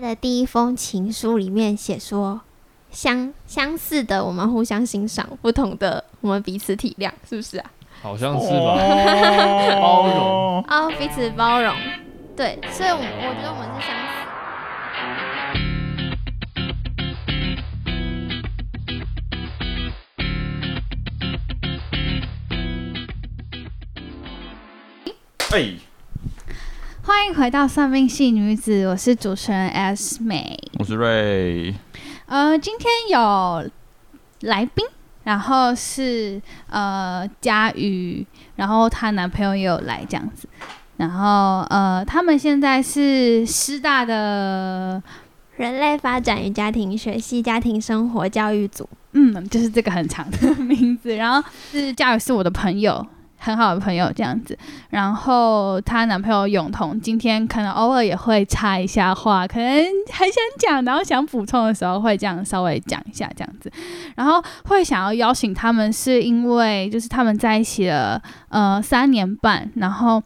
的第一封情書裡面寫說相，相相似的我們互相欣賞，不同的我們彼此體諒，是不是啊？好像是吧，哦、 包容啊，oh，彼此包容，對，所以我，我我覺得我們是相似。哎、欸。歡迎回到喪命系女子，我是主持人 S 美。 我是瑞。呃，今天有來賓，然後是呃家妤，然後她男朋友也有來這樣子，然後呃他們現在是師大的人類發展與家庭學系家庭生活教育組，嗯，就是這個很長的名字，然後是家妤是我的朋友，很好的朋友這樣子，然後她男朋友永同今天可能偶爾也會插一下話，可能很想講，然後想補充的時候會這樣稍微講一下這樣子，然後會想要邀請他們是因為就是他們在一起了呃三年半，然後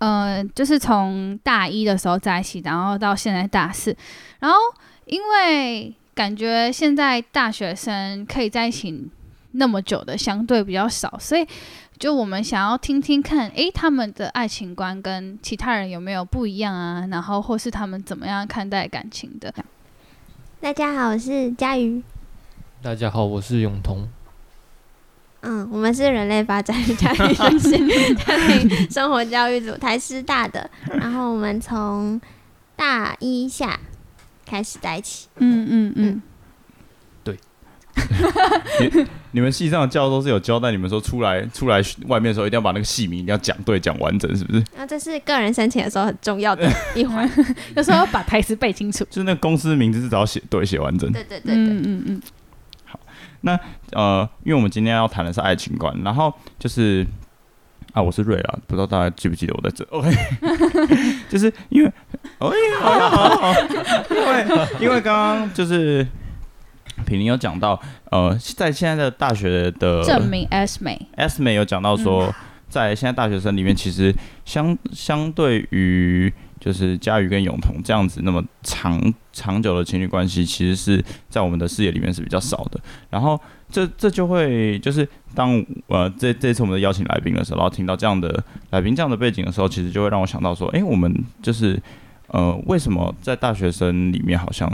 嗯、呃、就是從大一的時候在一起，然後到現在大四，然後因為感覺現在大學生可以在一起那麼久的相對比較少，所以。就我們想要聽聽看，哎，他們的愛情觀跟其他人有沒有不一樣啊？然後或是他們怎麼樣看待感情的？大家好，我是家妤。大家好，我是永同。嗯，我們是人類發展家庭，生活教育組台師大的，然後我們從大一下開始在一起。嗯嗯嗯。嗯嗯嗯 你，你們系上的教授是有交代，你們說出來出來外面的時候，一定要把那個系名一定要講對講完整，是不是？那、啊、這是個人申請的時候很重要的一環，有時候把台詞背清楚。 就是那公司名字是只要寫對寫完整。對對對，對，嗯嗯嗯。好，那呃，因為我們今天要談的是愛情觀，然後就是啊，我是瑞啊，不知道大家記不記得我在這？OK， 就是因為 o、哎、好，好，好 因為因為剛剛就是。品寧有講到，呃，在現在的大學的證明 S 美 S 美有講到說，在現在大學生裡面，其實相、嗯、相對於就是家妤跟永同這樣子那麼長長久的情侶關係，其實是在我們的視野裡面是比較少的。然後這這就會就是當呃這這次我們的邀請來賓的時候，然後聽到這樣的來賓這樣的背景的時候，其實就會讓我想到說，哎、欸，我們就是呃為什麼在大學生裡面好像，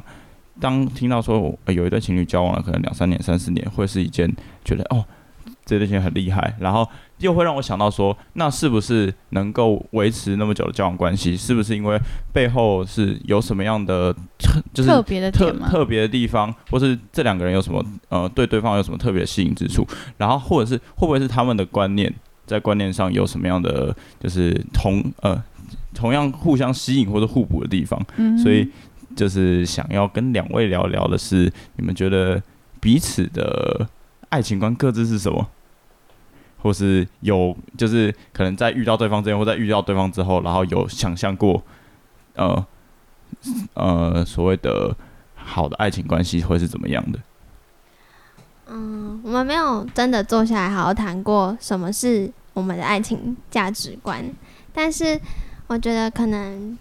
當聽到說有一對情侶交往了可能兩三年、三四年，會是一件覺得哦，這對情侶很厲害，然後又會讓我想到說，那是不是能夠維持那麼久的交往關係？是不是因為背後是有什麼樣的就是特別的點嗎？特別的地方，或是這兩個人有什麼呃對對對方有什麼特別吸引之處？然後或者是會不會是他們的觀念在觀念上有什麼樣的就是同呃同樣互相吸引或者互補的地方？所以，嗯就是想要跟兩位聊聊的是，你們覺得彼此的愛情觀各自是什麼？或是有就是可能在遇到對方之前，或在遇到對方之後，然後有想象過呃呃所謂的好的愛情關係會是怎麼樣的？嗯，我們沒有真的坐下來好好談過什麼是我們的愛情價值觀，但是我覺得可能。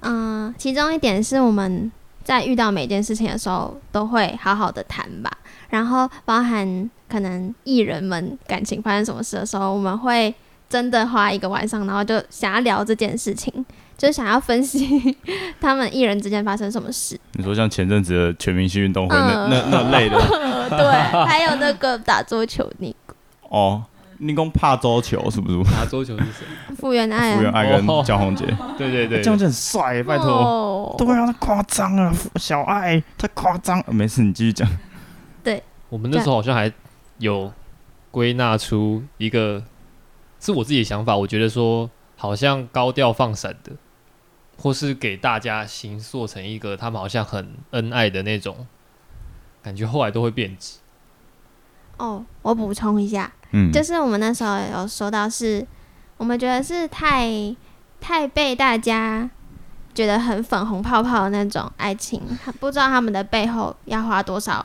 嗯，其中一點是我們在遇到每件事情的時候都會好好的談吧，然後包含可能藝人們感情發生什麼事的時候，我們會真的花一個晚上，然後就想要聊這件事情，就想要分析他們藝人之間發生什麼事。你說像前陣子的全明星運動會那、嗯、那那類的， 對，還有那個打桌球那個哦。Oh. 你宮怕桌球是不是？怕桌球是誰？福原愛人，福原愛跟江宏傑。 對，對，對對對，江宏傑很帥，拜託。都會讓他誇張啊，小愛太誇張。沒事，你繼續講。對，我們那時候好像還有歸納出一個，對是我自己的想法。我覺得說，好像高調放閃的，或是給大家形塑成一個他們好像很恩愛的那種感覺，後來都會變質。哦，我補充一下。嗯嗯、就是我們那時候有說到是，是我們覺得是太太被大家覺得很粉紅泡泡的那種愛情，不知道他們的背後要花多少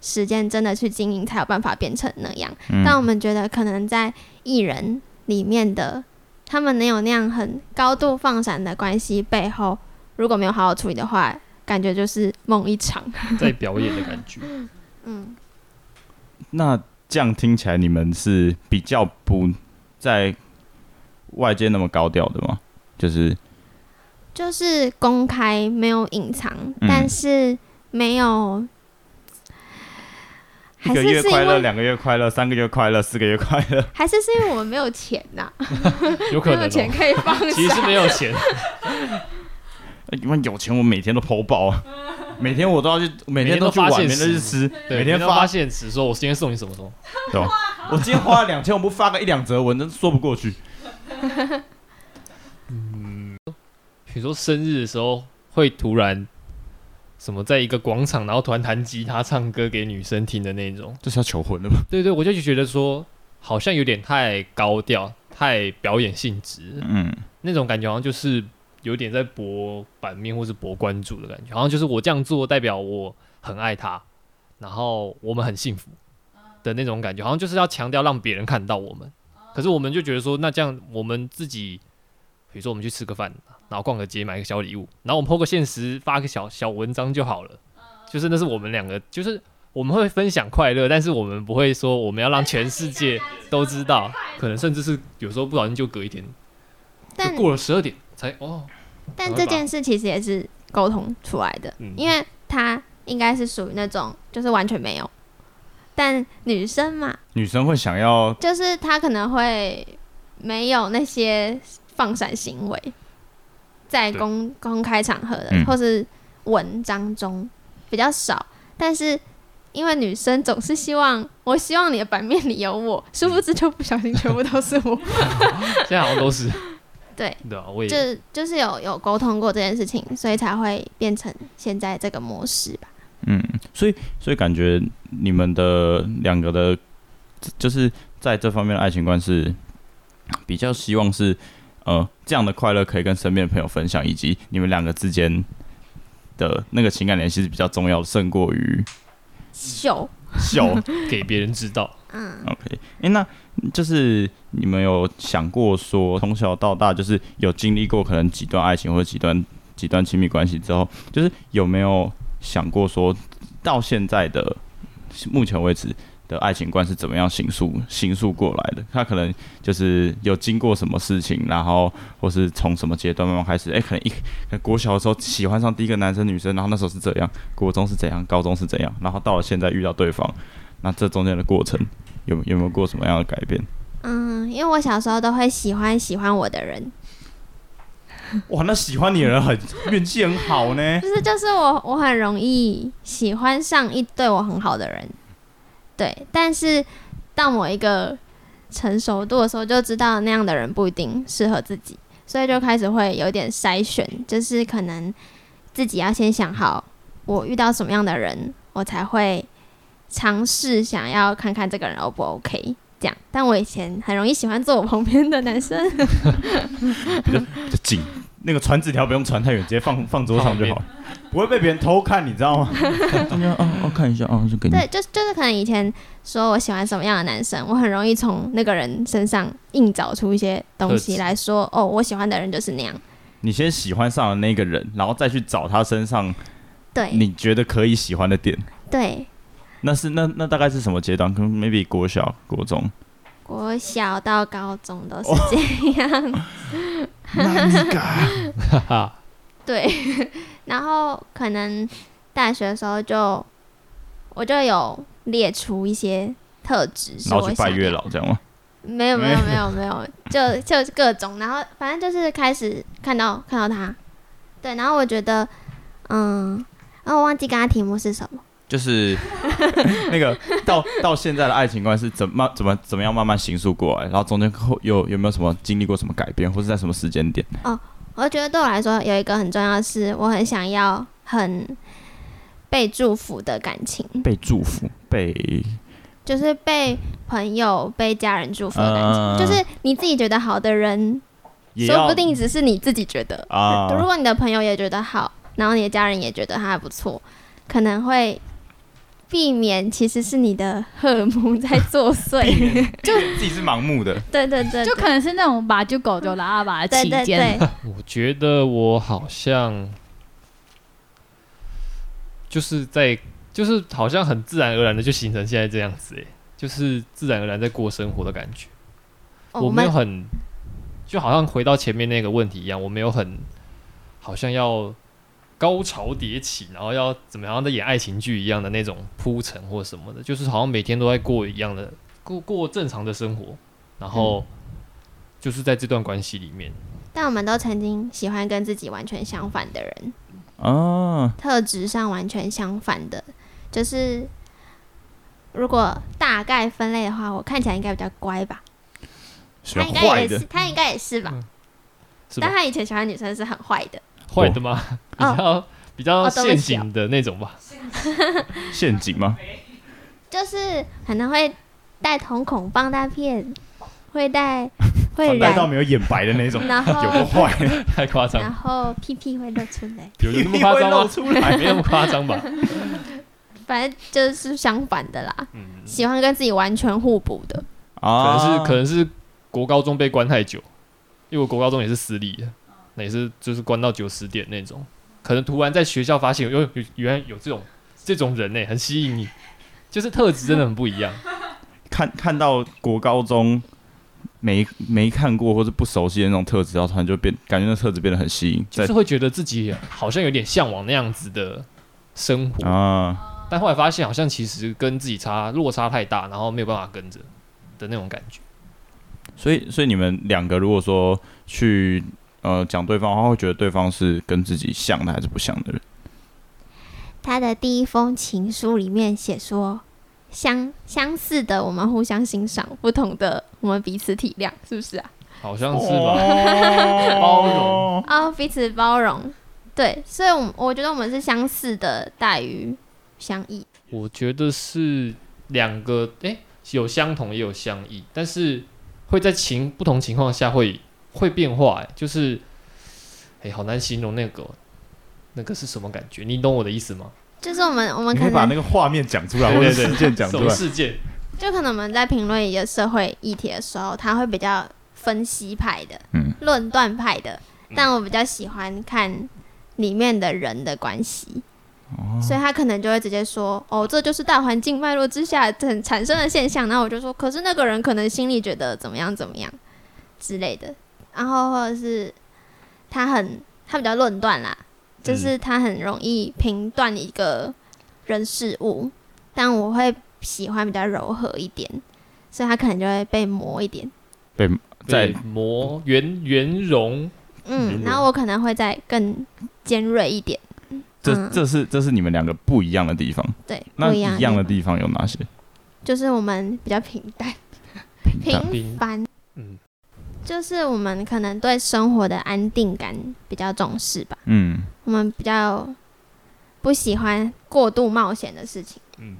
時間真的去經營，才有辦法變成那樣。嗯、但我們覺得，可能在藝人裡面的他們能有那樣很高度放閃的關係背後，如果沒有好好處理的話，感覺就是夢一場，在表演的感覺。 嗯，那。這樣聽起來，你們是比較不在外界那麼高調的嗎？就是，就是公開沒有隱藏，嗯、但是沒有，還是是因為兩個月快樂，三個月快樂，四個月快樂，還是,是因為我們沒有錢吶、啊？有可能嗎？沒有錢可以放，其實沒有錢， 因為有錢我每天都 PO 爆啊。每天我都要去，每天都去玩，每天吃，每天，對每天發，每天發現詞，說我今天送你什麼東西。我今天花了兩千， 我不發個一兩則文，能說不過去。嗯，比如說生日的時候會突然什麼，在一個廣場，然後突然彈吉他唱歌給女生聽的那種，就是要求婚了嗎？對，對對，我就覺得說好像有點太高調，太表演性質。嗯，那種感覺好像就是。有點在搏版面或是搏關注的感覺，好像就是我這樣做代表我很愛他，然後我們很幸福的那種感覺，好像就是要強調讓別人看到我們。可是我們就覺得說，那這樣我們自己，比如說我們去吃個飯，然後逛個街，買個小禮物，然後我們 PO 個限時發個小小文章就好了，就是那是我們兩個，就是我們會分享快樂，但是我們不會說我們要讓全世界都知道，可能甚至是有時候不小心就隔一天。但過了十二點才哦，但這件事其實也是溝通出來的。嗯、因為他應該是屬於那種就是完全沒有，但女生嘛，女生會想要，就是她可能會沒有那些放閃行為，在公對公開場合的或是文章中比較少，嗯、但是因為女生總是希望，我希望你的版面裡有我，殊不知就不小心全部都是我， 現在好像都是。對，對啊，就就是有有溝通過這件事情，所以才會變成現在這個模式吧。嗯，所以所以感覺你們的兩個的，就是在這方面的愛情觀是，比較希望是，呃，這樣的快樂可以跟身邊的朋友分享，以及你們兩個之間的那個情感聯繫是比較重要，勝過於秀。笑， 給別人知道。嗯，OK，哎、欸，那就是你們有想過說，從小到大就是有經歷過可能幾段愛情或者幾段幾段親密關係之後，就是有沒有想過說，到現在的目前為止。的愛情觀是怎麼樣形塑形塑過來的？他可能就是有經過什麼事情，然後或是從什麼階段慢慢開始。哎、欸，可能一可能國小的時候喜歡上第一個男生女生，然後那時候是怎樣？國中是怎樣？高中是怎樣？然後到了現在遇到對方，那這中間的過程有有沒有過什麼樣的改變？嗯，因為我小時候都會喜歡喜歡我的人。哇，那喜歡你的人很運氣 很好呢。就是就是我我很容易喜歡上一對我很好的人。對，但是到某一個成熟度的時候，就知道那樣的人不一定適合自己，所以就開始會有點篩選，就是可能自己要先想好，我遇到什麼樣的人，我才會嘗試想要看看這個人 O 不 OK 這樣。但我以前很容易喜歡坐我旁邊的男生， 比較近。那個傳紙條不用傳太遠，直接放放桌上就好還 不會被別人偷看，你知道嗎？哦，看一下啊，就給你。對，就就是可能以前說我喜歡什麼樣的男生，我很容易從那個人身上硬找出一些東西來說，是哦，我喜歡的人就是那樣。你先喜歡上了那個人，然後再去找他身上，對，你覺得可以喜歡的點。對。那是那那大概是什麼階段？可能 maybe 國小、國中。國小到高中都是這樣，哦。 對，然後可能大學的時候就我就有列出一些特質，然後去拜月老這樣嗎？沒有沒有沒有沒有， 就就是各種，然後反正就是開始看到看到他，對，然後我覺得，嗯，然後，哦，我忘記剛剛題目是什麼。就是 那個到到現在的愛情觀是怎麼怎麼怎麼樣慢慢形塑過來，然後中間後有有沒有什麼經歷過什麼改變，或是在什麼時間點？哦，我覺得對我來說有一個很重要的是，我很想要很被祝福的感情，被祝福被就是被朋友被家人祝福的感情，呃、就是你自己覺得好的人，要說不定只是你自己覺得啊。呃、如果你的朋友也覺得好，然後你的家人也覺得他還不錯，可能會。避免，其實是你的荷爾蒙在作祟，就自己是盲目的。 對對對，對，就可能是那種把就狗就拉吧，在期間，嗯對對對嗯。我覺得我好像就是在，就是好像很自然而然的就形成現在這樣子，哎，就是自然而然在過生活的感覺。哦、我沒有很，我們 就好像回到前面那個問題一樣，我沒有很好像要。高潮迭起，然後要怎麼樣？在演愛情劇一樣的那種鋪陳或什麼的，就是好像每天都在過一樣的過，過正常的生活，然後、嗯、就是在這段關係裡面。但我們都曾經喜歡跟自己完全相反的人啊，特質上完全相反的。就是如果大概分類的話，我看起來應該比較乖吧？他應該也是，他應該也是吧？嗯、是吧，但他以前喜歡女生是很壞的。壞的嗎？比較、哦，比較陷阱的那種吧，陷阱，陷阱嗎？就是可能會戴瞳孔放大片，會戴會戴到沒有眼白的那種， 後有後壞 太誇張，然後屁屁會露出來，有的那麼誇張嗎？沒那麼誇張吧，反正就是相反的啦，嗯、喜歡跟自己完全互補的，啊、可能是可能是國高中被關太久，因為國高中也是私立的。每次就是關到九十點那種，可能突然在學校發現有，喲，原來有這種這種人呢、欸，很吸引你，就是特質真的很不一樣。看看到國高中沒沒看過或者不熟悉的那種特質，然後突然就變，感覺那特質變得很吸引，就是會覺得自己好像有點向往那樣子的生活啊，但後來發現好像其實跟自己差落差太大，然後沒有辦法跟着的那種感覺。所以，所以你們兩個如果說去。呃，講對方，他會覺得對方是跟自己像的還是不像的人？他的第一封情書裡面寫說，相相似的我們互相欣賞，不同的我們彼此體諒，是不是啊？好像是吧，包容哦，彼此包容，對，所以我們，我我覺得我們是相似的大於相異。我覺得是兩個，哎、欸，有相同也有相異，但是會在情不同情況下會。會變化哎、欸，就是哎、欸，好難形容那個那個是什麼感覺？你懂我的意思嗎？就是我們我們可，可以把那個畫面講出來， 對對對或者事件講出來。世界就可能我們在評論一個社會議題的時候，他會比較分析派的、論斷、嗯、派的，但我比較喜歡看裡面的人的關係，嗯、所以他可能就會直接說：“哦，這就是大環境脈絡之下產產生的現象。”然後我就說：“可是那個人可能心裡覺得怎麼樣怎麼樣之類的。”然後，或者是他很，他比較論斷啦，嗯、就是他很容易評斷一個人事物，但我會喜歡比較柔和一點，所以他可能就會被磨一點，被在被磨圓圓融，嗯，圓融。然後我可能會再更尖銳一點，這、嗯、這是這是你們兩個不一樣的地方，對，不一樣。那一樣的地方有哪些？就是我們比較平淡，平淡，平凡。平凡就是我們可能對生活的安定感比較重視吧。嗯，我們比較不喜歡過度冒險的事情。嗯，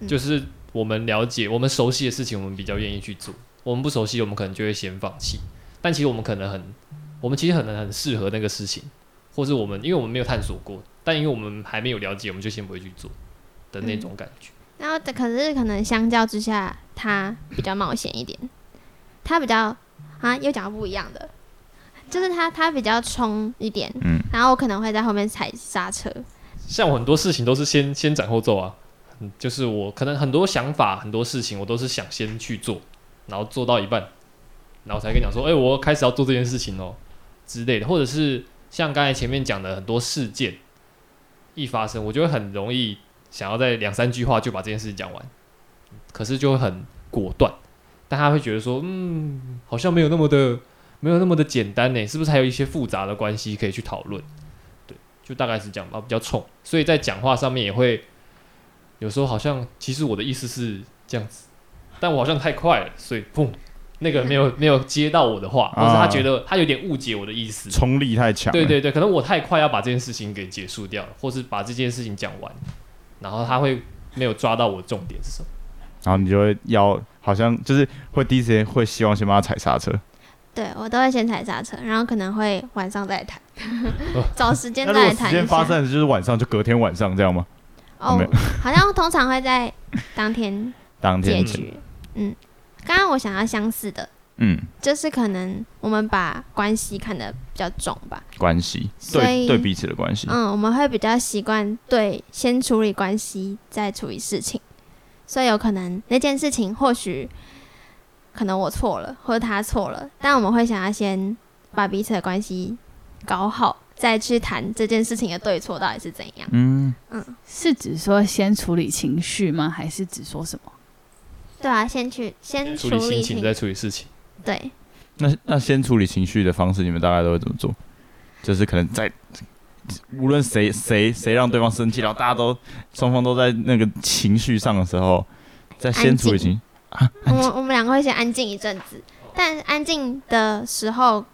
嗯、就是我們了解、我們熟悉的事情，我們比較願意去做。我們不熟悉，我們可能就會先放棄。但其實我們可能很，我們其實可能很適合那個事情，或是我們因為我們沒有探索過，但因為我們還沒有了解，我們就先不會去做的那種感覺。嗯、然後可是可能相較之下，他比較冒險一點，他比較。啊，又講不一樣的，就是他他比較衝一點，嗯，然後我可能會在後面踩剎車。像我很多事情都是先先斬後奏啊，就是我可能很多想法很多事情我都是想先去做，然後做到一半，然後才跟你講說，哎、欸，我開始要做這件事情哦之類的，或者是像剛才前面講的很多事件一發生，我就會很容易想要在兩三句話就把這件事情講完，可是就會很果斷。但他會覺得說，嗯，好像沒有那麼的，沒有那麼的簡單呢，是不是還有一些複雜的關係可以去討論？對，就大概是這樣吧，比較衝，所以在講話上面也會有時候好像，其實我的意思是這樣子，但我好像太快了，所以砰，那個沒有沒有接到我的話，啊、或是他覺得他有點誤解我的意思，衝力太強。對對對，可能我太快要把這件事情給結束掉，或是把這件事情講完，然後他會沒有抓到我的重點是什麼，然後你就會要。好像就是會第一時間會希望先幫他踩剎車，對，我都會先踩剎車，然後可能會晚上再談， 找時間再談。哦。那如果時間發生的就是晚上，就隔天晚上這樣嗎？哦， 好，好像通常會在當天。當天。結局。嗯，剛剛、嗯、我想要相似的，嗯，就是可能我們把關係看得比較重吧，關係、所以、對，對彼此的關係，嗯，我們會比較習慣，對，先處理關係再處理事情。所以有可能那件事情或許可能我錯了或者他錯了，但我們會想要先把彼此的關係搞好，再去談這件事情的對錯到底是怎樣。嗯嗯，嗯是指說先處理情緒嗎？還是指說什麼？對啊，先去先處理心情，再處理事情。對，那那先處理情緒的方式，你們大概都會怎麼做？就是可能在。無論誰誰誰讓對方生氣，然後大家都雙方都在那個情緒上的時候，在先處已經，我我們兩個會先安靜一陣子，但安靜的時候，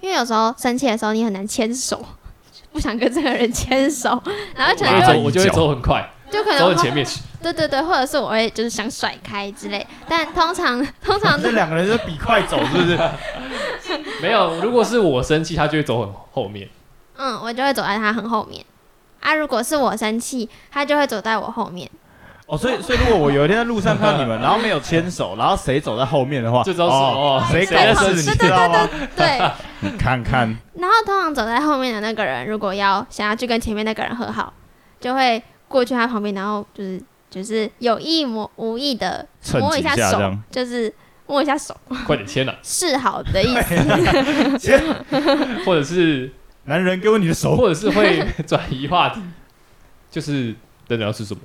因為有時候生氣的時候你很難牽手，不想跟這個人牽手，然後就會走。如果我就會走很快，就可能走很前面，對對對，或者是我會就是想甩開之類，但通常通常 這兩個人就比快走是不是？ 沒有，如果是我生氣，他就會走很後面。嗯，我就會走在他很後面啊。如果是我生氣，他就會走在我後面。哦，所以，所以如果我有一天在路上看到你們， 然後沒有牽手，然後誰走在後面的話，就知道誰跟的是你。是對對對，對。 你看看，嗯。然後通常走在後面的那個人，如果要想要去跟前面那個人和好，就會過去他旁邊，然後就是就是有意無意的摸一下手，下就是摸一下手，快點牽了，示好的意思。 或者是。男人給我你的手，或者是會轉移話題， 就是等等是什麼？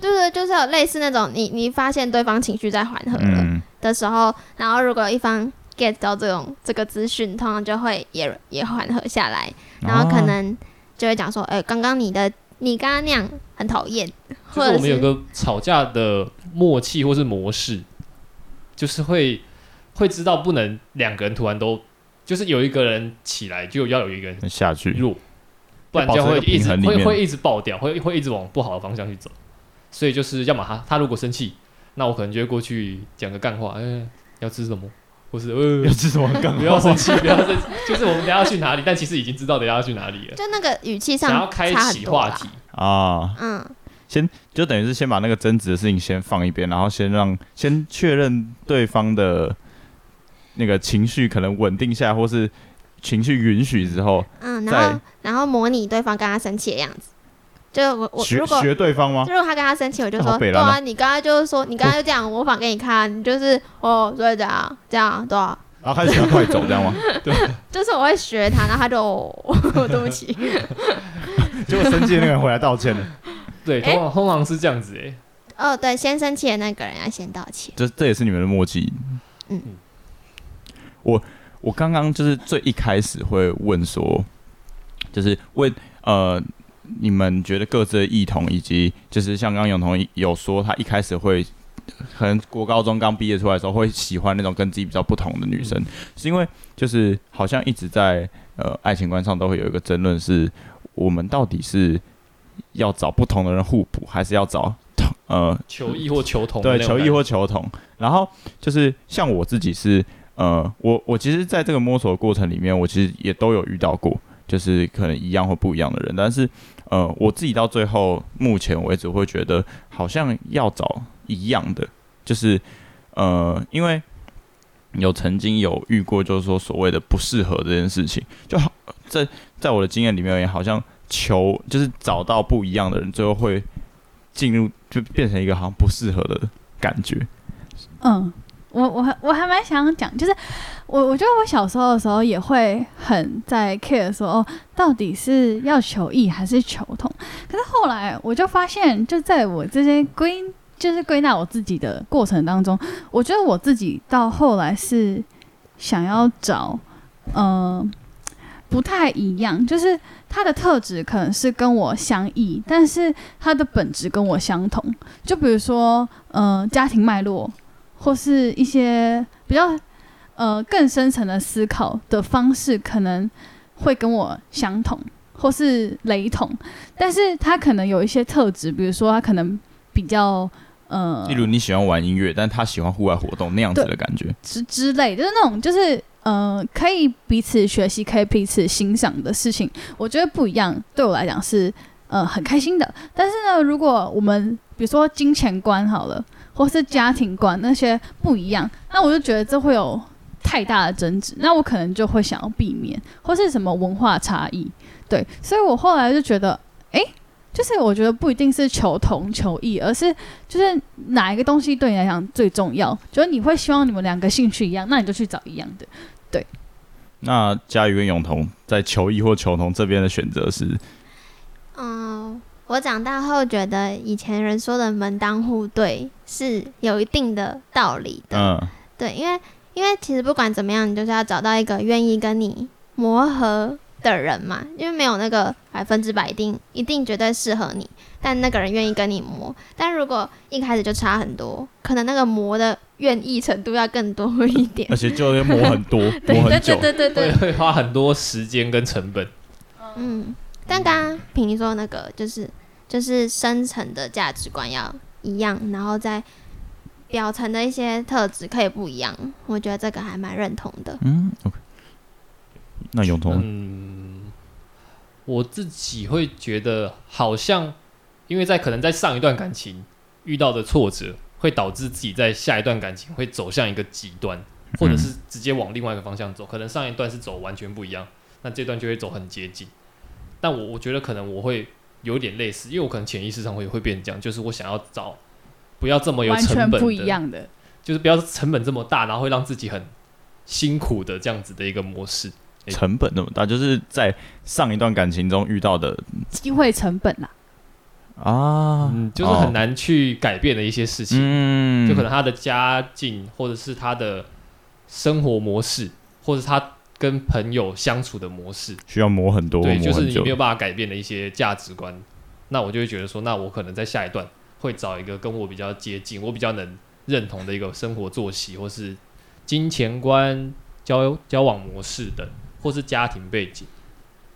就是就是有類似那種你，你你發現對方情緒在緩和了的時候，嗯、然後如果一方 get 到這種這個資訊，通常就會也也緩和下來，然後可能就會講說：“哎、啊欸，剛剛你的你剛剛那樣很討厭。”或者是是我們有個吵架的默契或是模式，就是會會知道不能兩個人突然都就是有一個人起來，就要有一個人下去入，不然這樣會一直會會一直爆掉，會會一直往不好的方向去走。所以就是要他，要麼他他如果生氣，那我可能就會過去講個幹話，哎、呃，要吃什麼，或是呃要吃什麼，幹不要生氣，不要生， 就是我們等下去哪裡，但其實已經知道等下要去哪裡了。就那個語氣上，想要開啟話題啊，嗯，先就等於是先把那個爭執的事情先放一邊，然後先讓先確認對方的。那個情緒可能穩定下來，或是情緒允許之後，嗯，然後然後模擬對方跟他生氣的樣子，就我我學對方嗎？如果他跟他生氣，我就說，對啊，你剛剛就是說，你剛剛就這樣模仿給你看，你就是哦，所以這樣這樣對啊，然後開始快走，這樣嗎？對，就是我會學他，然後他就對不起，結果生氣那個人回來道歉了，對，通常通常是這樣子誒，哦，對，先生氣的那個人要先道歉，這這也是你們的默契，嗯。我我剛剛就是最一開始會問說，就是問呃，你們覺得各自的異同，以及就是像剛剛永同有說，他一開始會可能國高中剛畢業出來的時候，會喜歡那種跟自己比較不同的女生，嗯、是因為就是好像一直在呃愛情觀上都會有一個爭論，是我們到底是要找不同的人互補，還是要找同呃求異或求同？對，求異或求同。然後就是像我自己是。呃，我我其實在這個摸索的過程裡面，我其實也都有遇到過，就是可能一樣或不一樣的人。但是，呃，我自己到最後目前為止，會覺得好像要找一樣的，就是呃，因為有曾經有遇過，就是說所謂的不適合這件事情，就好在在我的經驗裡面，也好像求就是找到不一樣的人，最後會進入就變成一個好像不適合的感覺。嗯。我我我還蠻想講，就是我我覺得我小時候的時候也會很在 care 說哦，到底是要求異還是求同？可是後來我就發現，就在我這些歸就是歸納我自己的過程當中，我覺得我自己到後來是想要找嗯、呃、不太一樣，就是他的特質可能是跟我相異，但是他的本質跟我相同。就比如說嗯、呃、家庭脈絡。或是一些比較呃更深層的思考的方式，可能會跟我相同或是雷同，但是他可能有一些特質，比如說他可能比較呃，例如你喜歡玩音樂，但他喜歡戶外活動那樣子的感覺之之類，就是那種就是呃可以彼此學習，可以彼此欣賞的事情，我覺得不一樣。對我來講是呃很開心的。但是呢，如果我們比如說金錢觀好了。或是家庭觀那些不一樣，那我就覺得這會有太大的爭執，那我可能就會想要避免，或是什麼文化差異，對，所以我後來就覺得，哎、欸，就是我覺得不一定是求同求異，而是就是哪一個東西對你來講最重要，覺得你會希望你們兩個興趣一樣，那你就去找一樣的，對。那家妤跟永同在求異或求同這邊的選擇是，嗯、uh。我長大後覺得，以前人說的門當戶對是有一定的道理的。嗯。對，因為因為其實不管怎麼樣，你就是要找到一個願意跟你磨合的人嘛。因為沒有那個百分之百一定一定絕對適合你，但那個人願意跟你磨。但如果一開始就差很多，可能那個磨的願意程度要更多一點。而且就要磨很多，磨 對很久，對對對，對對對對，會花很多時間跟成本。嗯。但剛剛平說那個就是就是深層的價值觀要一樣，然後在表層的一些特質可以不一樣。我覺得這個還蠻認同的。嗯，OK 那。那永同，嗯，我自己會覺得好像因為在可能在上一段感情遇到的挫折，會導致自己在下一段感情會走向一個極端，或者是直接往另外一個方向走。可能上一段是走完全不一樣，那這段就會走很接近。那我我覺得可能我會有點類似，因為我可能潛意識上會會變成這樣，就是我想要找不要這麼有成本的完全不一樣的，就是不要成本這麼大，然後會讓自己很辛苦的這樣子的一個模式。成本那麼大，就是在上一段感情中遇到的機會成本啦、啊。啊、嗯，就是很難去改變的一些事情，哦、就可能他的家境，或者是他的生活模式，或者他。跟朋友相處的模式需要磨很多，對，就是你沒有辦法改變的一些價值觀。那我就會覺得說，那我可能在下一段會找一個跟我比較接近、我比較能認同的一個生活作息，或是金錢觀交、交交往模式的，或是家庭背景，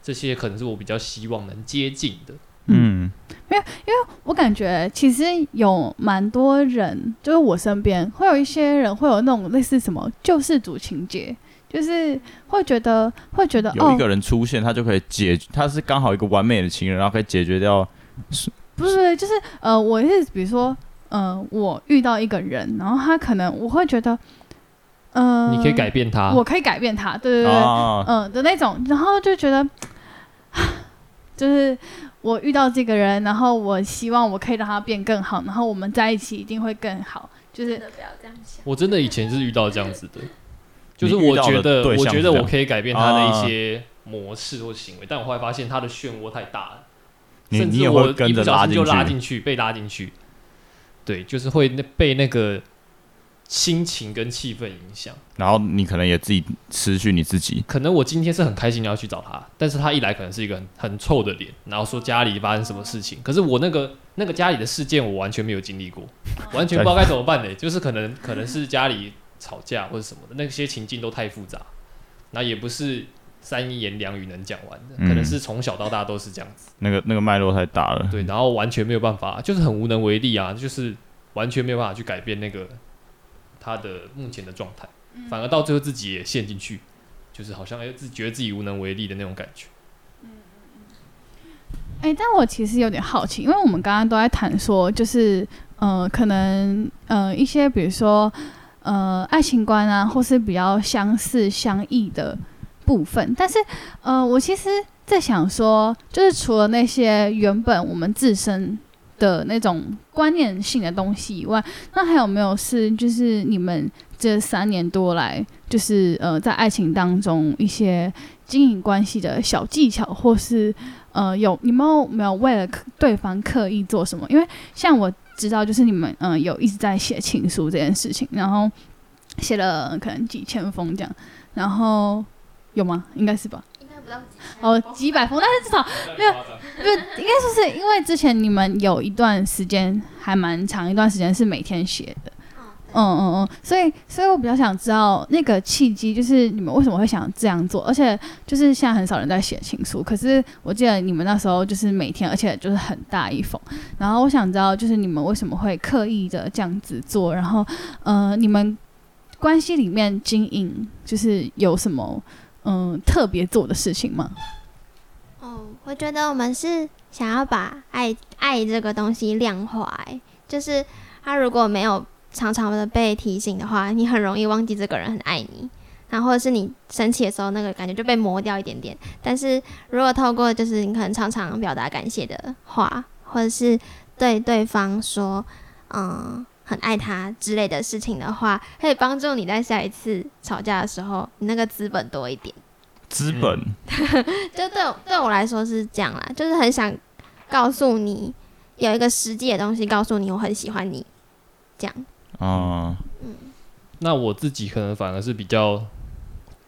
這些可能是我比較希望能接近的。嗯，沒有、嗯，因為我感覺其實有蠻多人，就是我身邊會有一些人會有那種類似什麼救世、就是、主情結，就是會覺得，會覺得有一個人出現，哦、他就可以解決，他是剛好一個完美的情人，然後可以解決掉。不是，不是，就是呃，我是比如說，呃，我遇到一個人，然後他可能我會覺得，嗯、呃，你可以改變他，我可以改變他，對對對，嗯、啊呃、的那種，然後就覺得，就是我遇到這個人，然後我希望我可以讓他變更好，然後我們在一起一定會更好。就是真的不要這樣想，我真的以前是遇到這樣子的。 就是我覺得，我覺得我可以改變他的一些模式或行為，啊、但我後來發現他的漩渦太大了，你你也會跟着，也不小心就拉進去，被拉進去，對，就是會被那個心情跟氣氛影響。然後你可能也自己失去你自己，可能我今天是很開心要去找他，但是他一來可能是一個很，很臭的臉，然後說家裡發生什麼事情，可是我那個那個家裡的事件我完全沒有經歷過，嗯、完全不知道該怎麼辦呢、欸？就是可能可能是家裡。吵架或者什麼的那些情境都太複雜，那也不是三言兩語能講完的，嗯、可能是從小到大都是這樣子。那個那個脈絡太大了，對，然後完全沒有辦法，就是很無能為力啊，就是完全沒有辦法去改變那個他的目前的狀態，嗯、反而到最後自己也陷進去，就是好像哎、欸，自己覺得自己無能為力的那種感覺。嗯哎、欸，但我其實有點好奇，因為我們剛剛都在談說，就是嗯、呃，可能嗯、呃，一些比如說。呃，愛情觀啊，或是比較相似相異的部分。但是，呃，我其實在想說，就是除了那些原本我們自身的那種觀念性的東西以外，那還有沒有是，就是你們這三年多來，就是呃，在愛情當中一些經營關係的小技巧，或是呃，有你們有沒有為了對方刻意做什麼？因為像我。知道就是你們嗯有一直在寫情書這件事情，然後寫了可能幾千封這樣，然後有嗎？應該是吧？幾哦，幾百封，但是至少沒有，沒有 應該說是因為之前你們有一段時間還蠻長一段時間是每天寫的。嗯嗯嗯，所以所以，我比較想知道那個契機，就是你們為什麼會想這樣做？而且就是現在很少人在寫情書，可是我記得你們那時候就是每天，而且就是很大一封。然後我想知道，就是你們為什麼會刻意的這樣子做？然後，呃，你們關係裡面經營就是有什麼嗯、呃、特別做的事情嗎？哦，我覺得我們是想要把愛愛這個東西量化、欸，哎，就是他如果沒有。常常的被提醒的話，你很容易忘記這個人很愛你，然後或者是你生氣的時候，那個感覺就被磨掉一點點。但是如果透過就是你可能常常表達感謝的話，或者是對對方說嗯很愛他之類的事情的話，可以幫助你在下一次吵架的時候，你那個資本多一點。資本， 就對對我來說是這樣啦，就是很想告訴你有一個實際的東西告訴你我很喜歡你，這樣。啊，嗯，嗯，那我自己可能反而是比較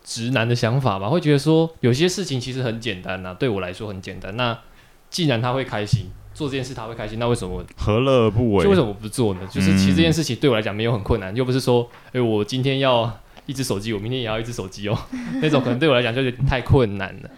直男的想法吧，會覺得說有些事情其實很簡單吶，啊，對我來說很簡單。那既然他會開心，做這件事他會開心，那為什麼何樂而不為？就為什麼不做呢？就是其實這件事情對我來講沒有很困難，嗯、又不是說，哎、欸，我今天要一隻手機，我明天也要一隻手機哦， 那種可能對我來講就是太困難了。